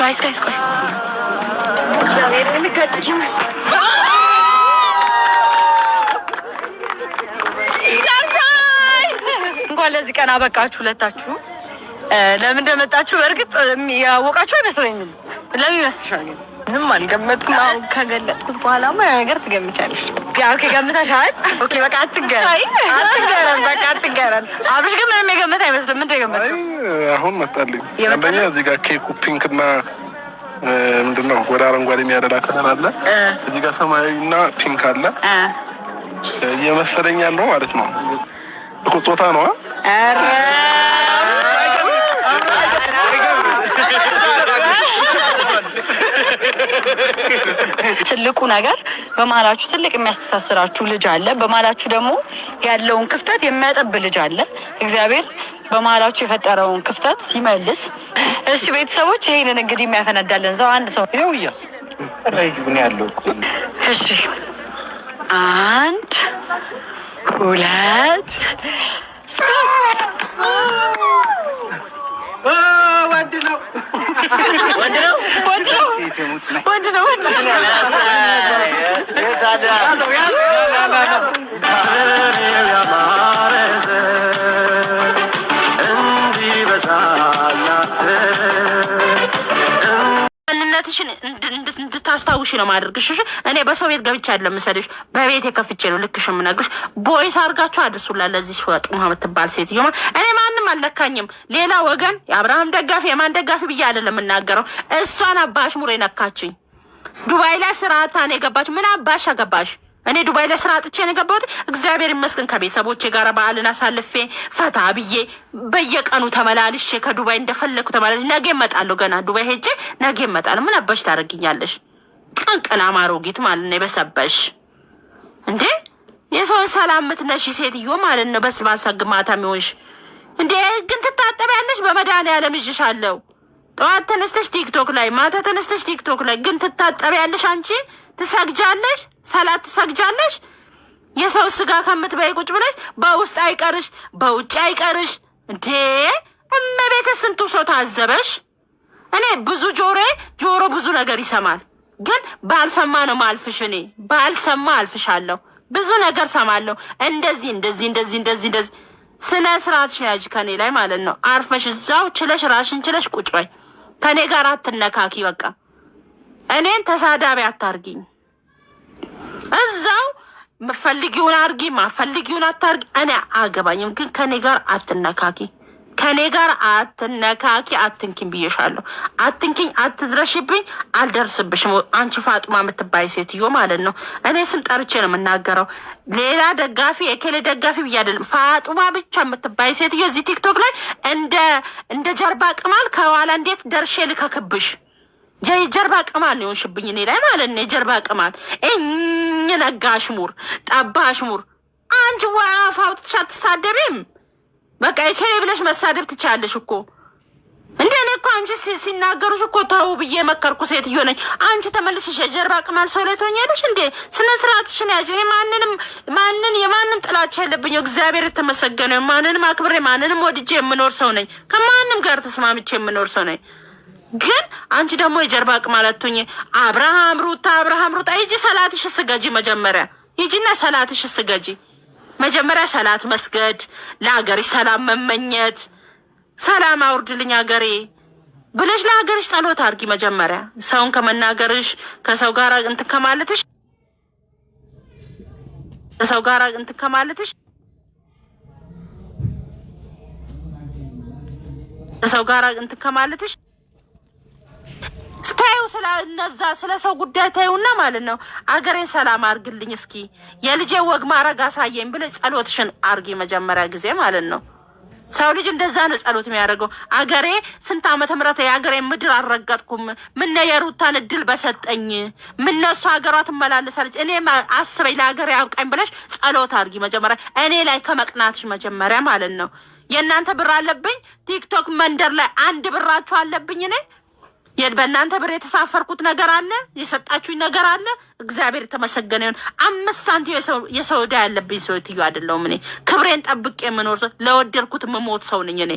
ጋይስ ጋይስ እንኳን ለዚህ ቀን አበቃችሁ ሁለታችሁ። ለምን እንደመጣችሁ በእርግጥ ያወቃችሁ አይመስለኝም። ለምን ይመስልሻል? ምንም አልገመጥኩም። አሁን ከገለጥኩት በኋላማ ያ ነገር ትገምቻለሽ። ያው ገምተሻል። ኦኬ በቃ አትገረም፣ በቃ አትገረም። አብርሽ ግን ምንም የገመተ አይመስልም። ምንድን ነው አሁን መጣልኝ። አንደኛ እዚህ ጋር ኬኩ ፒንክ እና ምንድን ነው ወደ አረንጓዴ የሚያደላ ከለር አለ። እዚህ ጋር ሰማያዊና ፒንክ አለ እየመሰለኝ ያለው ማለት ነው። ጾታ ነዋ። ትልቁ ነገር በማላችሁ ትልቅ የሚያስተሳስራችሁ ልጅ አለ። በማላችሁ ደግሞ ያለውን ክፍተት የሚያጠብ ልጅ አለ። እግዚአብሔር በማላችሁ የፈጠረውን ክፍተት ሲመልስ፣ እሺ ቤተሰቦች፣ ይህንን እንግዲህ የሚያፈነዳለን ሰው አንድ ሰው ይኸው እያሱ ያለው እሺ፣ አንድ ሁለት ወንድ ነው ወንድ ማንነትሽን እንድታስታውሽ ነው ማድረግሽ። እኔ በሰው ቤት ገብቼ አይደለም መሰለሽ፣ በቤት የከፍቼ ነው ልክሽ የምነግርሽ። ቦይስ አድርጋችሁ አድርሱላ ለዚህ ወጥ ምትባል ሴትዮማ እኔ ማንም አልነካኝም። ሌላ ወገን የአብርሃም ደጋፊ የማን ደጋፊ ብዬ አለ ለምናገረው እሷን አባሽ ሙር የነካችኝ ዱባይ ላይ ስራ አታ ነው የገባች። ምን አባሽ አገባሽ? እኔ ዱባይ ላይ ስራ አጥቼ ነው የገባሁት። እግዚአብሔር ይመስገን ከቤተሰቦቼ ጋር በዓልን አሳልፌ ፈታ ብዬ በየቀኑ ተመላልሼ ከዱባይ እንደፈለግኩ ተመላልሼ ነገ እመጣለሁ። ገና ዱባይ ሄጄ ነገ እመጣለሁ። ምን አባሽ ታደርግኛለሽ? አማሮ ጌት ማለት ነው የበሰበሽ እንዴ! የሰውን ሰላም ምትነሽ ሴትዮ ማለት ነው። በስባሳ ግማታ የሚሆንሽ እንዴ ግን ትታጠቢያለሽ? በመድኃኒዓለም እዥሻለሁ። ጠዋት ተነስተሽ ቲክቶክ ላይ፣ ማታ ተነስተሽ ቲክቶክ ላይ። ግን ትታጠቢያለሽ? አንቺ ትሰግጃለሽ፣ ሰላት ትሰግጃለሽ። የሰው ስጋ ከምትበይ ቁጭ ብለሽ በውስጥ አይቀርሽ፣ በውጭ አይቀርሽ። እንዴ እመቤት ስንቱ ሰው ታዘበሽ። እኔ ብዙ ጆሮ ጆሮ ብዙ ነገር ይሰማል፣ ግን ባልሰማ ነው ማልፍሽ። እኔ ባልሰማ አልፍሻለሁ። ብዙ ነገር ሰማለሁ። እንደዚህ እንደዚህ እንደዚህ እንደዚህ እንደዚህ ስነ ስርዓት ሽያጅ ከኔ ላይ ማለት ነው። አርፈሽ እዛው ችለሽ ራሽን ችለሽ ቁጭ በይ። ከኔ ጋር አትነካኪ። በቃ እኔን ተሳዳቢ አታርጊኝ። እዛው መፈልጊውን አርጊ፣ ማፈልጊውን አታርጊ። እኔ አገባኝም፣ ግን ከኔ ጋር አትነካኪ። ከኔ ጋር አትነካኪ፣ አትንኪኝ ብዬሻለሁ። አትንኪኝ፣ አትድረሽብኝ፣ አልደርስብሽም። አንቺ ፋጡማ የምትባይ ሴትዮ ማለት ነው። እኔ ስም ጠርቼ ነው የምናገረው። ሌላ ደጋፊ የኬሌ ደጋፊ ብዬ አይደለም። ፋጡማ ብቻ የምትባይ ሴትዮ እዚህ ቲክቶክ ላይ እንደ እንደ ጀርባ ቅማል ከኋላ እንዴት ደርሼ ልከክብሽ? የጀርባ ቅማል ነው የሆንሽብኝ እኔ ላይ ማለት ነው። የጀርባ ቅማል እኝ ነጋ አሽሙር ጠባ አሽሙር። አንቺ ዋ ዋፋውጥሻ አትሳደብም በቃ የከሌ ብለሽ መሳደብ ትቻለሽ እኮ እንደ እኔ እኮ አንቺ ሲናገሩሽ እኮ ተው ብዬ መከርኩ። ሴትዮ ነኝ አንቺ ተመልሰሽ የጀርባ ቅማል ሰው ላይ ትሆኛለሽ እንዴ? ስነ ስርዓትሽን ያዥ። እኔ ማንንም ማንን የማንም ጥላቻ የለብኝ። እግዚአብሔር የተመሰገነው ማንንም አክብሬ ማንንም ወድጄ የምኖር ሰው ነኝ። ከማንም ጋር ተስማምቼ የምኖር ሰው ነኝ። ግን አንቺ ደግሞ የጀርባ ቅማል አትሁኝ። አብርሃም ሩታ፣ አብርሃም ሩታ፣ ሂጂ ሰላትሽ ስገጂ። መጀመሪያ ሂጂና ሰላትሽ ስገጂ። መጀመሪያ ሰላት መስገድ፣ ለሀገሬ ሰላም መመኘት፣ ሰላም አውርድልኝ ሀገሬ ብለሽ ለሀገርሽ ጸሎት አድርጊ። መጀመሪያ ሰውን ከመናገርሽ ከሰው ጋር እንትን ከማለትሽ ከሰው ጋር እንትን ከማለትሽ ከሰው ጋር እንትን ከማለትሽ ስለነዛ ስለ ሰው ጉዳይ ታዩና ማለት ነው። አገሬን ሰላም አርግልኝ እስኪ የልጄ ወግ ማረግ አሳየኝ ብለ ጸሎትሽን አርጊ መጀመሪያ ጊዜ ማለት ነው። ሰው ልጅ እንደዛ ነው ጸሎት የሚያደርገው። አገሬ ስንት ዓመተ ምህረት የአገሬ ምድር አልረገጥኩም፣ ምነ የሩታን እድል በሰጠኝ፣ ምነሱ ሀገሯ ትመላለሳለች፣ እኔ አስበኝ፣ ለሀገሬ አብቃኝ ብለሽ ጸሎት አድርጊ መጀመሪያ። እኔ ላይ ከመቅናትሽ መጀመሪያ ማለት ነው። የእናንተ ብር አለብኝ ቲክቶክ መንደር ላይ አንድ ብራችሁ አለብኝ እኔ በእናንተ ብር የተሳፈርኩት ነገር አለ፣ የሰጣችሁኝ ነገር አለ። እግዚአብሔር የተመሰገነ ይሁን። አምስት ሳንቲም የሰው ዕዳ ያለብኝ ሰው ትዩ አይደለሁም። እኔ ክብሬን ጠብቄ የምኖር ሰው፣ ለወደድኩት የምሞት ሰው ነኝ። እኔ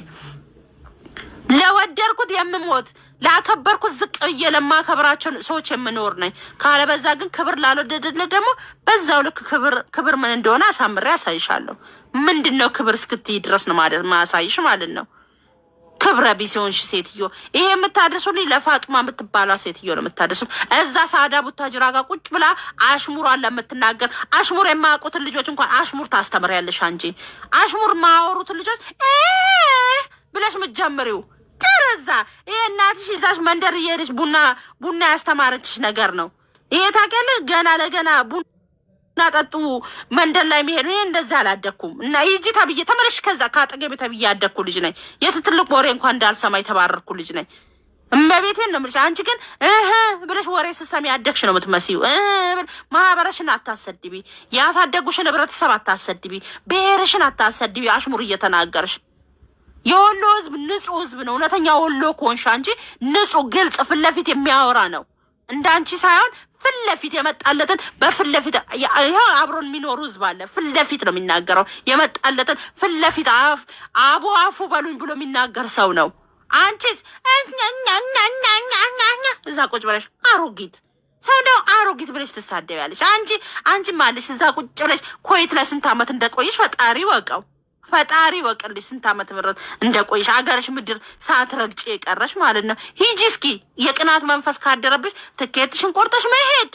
ለወደድኩት የምሞት ላከበርኩት ዝቅ ብዬ ለማከብራቸው ሰዎች የምኖር ነኝ። ካለበዛ ግን ክብር ላልወደድለት ደግሞ በዛው ልክ ክብር ክብር ምን እንደሆነ አሳምሬ አሳይሻለሁ። ምንድን ነው ክብር እስክትይ ድረስ ነው ማለት ማሳይሽ ማለት ነው። ክብረ ቢሲሆንሽ ሴትዮ ይሄ የምታደርሱልኝ ለፋጡማ የምትባሏ ሴትዮ ነው የምታደርሱት። እዛ ሳዳ ቡታጅራ ጋር ቁጭ ብላ አሽሙሯን ለምትናገር አሽሙር የማያውቁትን ልጆች እንኳን አሽሙር ታስተምሪያለሽ አንጂ አሽሙር የማያወሩትን ልጆች ብለሽ ምትጀምሪው ትርዛ ይሄ እናትሽ ይዛሽ መንደር እየሄደች ቡና ቡና ያስተማረችሽ ነገር ነው ይሄ ታውቂያለሽ። ገና ለገና ቡና ጠጡ መንደር ላይ የሚሄዱ እኔ እንደዚህ አላደግኩም። እና ይጂ ተብዬ ተመለሽ ከዛ ከአጠገቤ ተብዬ ያደግኩ ልጅ ነኝ። የት ትልቅ ወሬ እንኳን እንዳልሰማ የተባረርኩ ልጅ ነኝ። እመቤቴን ነው የምልሽ። አንቺ ግን እህ ብለሽ ወሬ ስትሰሚ ያደግሽ ነው የምትመስዪው። ማህበረሽን አታሰድቢ፣ ያሳደጉሽን ህብረተሰብ አታሰድቢ፣ ብሔርሽን አታሰድቢ። አሽሙር እየተናገርሽ የወሎ ህዝብ ንጹህ ህዝብ ነው። እውነተኛ ወሎ ከሆንሽ አንቺ ንጹህ ግልጽ ፊት ለፊት የሚያወራ ነው። እንደ አንቺ ሳይሆን ፊት ለፊት የመጣለትን በፊት ለፊት ይኸው አብሮን የሚኖሩ ህዝብ አለ። ፊት ለፊት ነው የሚናገረው። የመጣለትን ፊት ለፊት አቦ አፉ በሉኝ ብሎ የሚናገር ሰው ነው። አንቺስ እዛ ቁጭ ብለሽ አሮጊት ሰው ደው አሮጊት ብለሽ ትሳደቢያለሽ። አንቺ አንቺ ማለሽ እዛ ቁጭ ብለሽ ኮይት ለስንት ዓመት እንደቆየሽ ፈጣሪ ወቀው። ፈጣሪ ወቅልሽ ስንት ዓመት ምረት ቆይሽ አገርሽ ምድር ሳትረግጭ የቀረሽ ማለት ነው። ሂጂ እስኪ የቅናት መንፈስ ካደረብሽ ትኬትሽን ቆርጠሽ መሄድ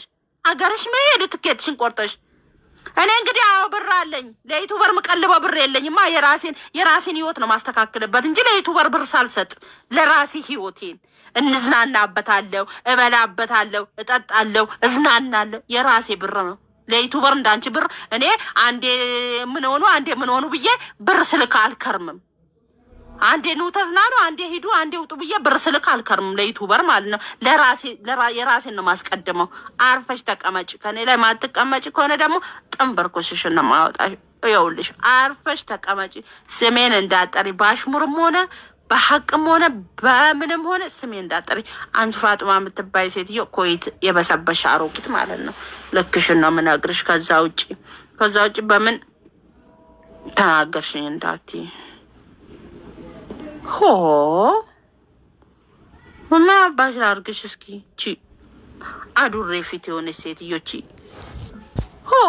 አገርሽ መሄድ ትኬትሽን ቆርጠሽ። እኔ እንግዲህ አዎ ብር አለኝ ለዩቱበር ምቀልበው ብር የለኝማ። የራሴን የራሴን ህይወት ነው ማስተካክልበት እንጂ ለዩቱበር ብር ሳልሰጥ ለራሴ ህይወቴን እንዝናናበታለሁ፣ እበላበታለሁ፣ እጠጣለሁ፣ እዝናናለሁ። የራሴ ብር ነው ለዩቱበር እንዳንቺ ብር እኔ አንዴ ምን ሆኑ አንዴ ምን ሆኑ ብዬ ብር ስልክ አልከርምም። አንዴ ኑ ተዝናኑ፣ አንዴ ሂዱ፣ አንዴ ውጡ ብዬ ብር ስልክ አልከርምም። ለዩቱበር ማለት ነው። ለራሴ የራሴን ነው ማስቀድመው። አርፈሽ ተቀመጭ። ከኔ ላይ ማትቀመጭ ከሆነ ደግሞ ጥንብርኩሽሽን ነው ማወጣሽ። ይኸውልሽ፣ አርፈሽ ተቀመጭ። ስሜን እንዳጠሪ ባሽሙርም ሆነ በሀቅም ሆነ በምንም ሆነ ስሜ እንዳጠሪ አንቺ ፋጥማ የምትባይ ሴትዮ ኮይት የበሰበሽ አሮጊት ማለት ነው። ልክሽን ነው ምነግርሽ። ከዛ ውጭ ከዛ ውጭ በምን ተናገርሽኝ እንዳት ሆ ምን አባሽ ላርግሽ? እስኪ ቺ አዱሬ ፊት የሆነች ቺ ሆ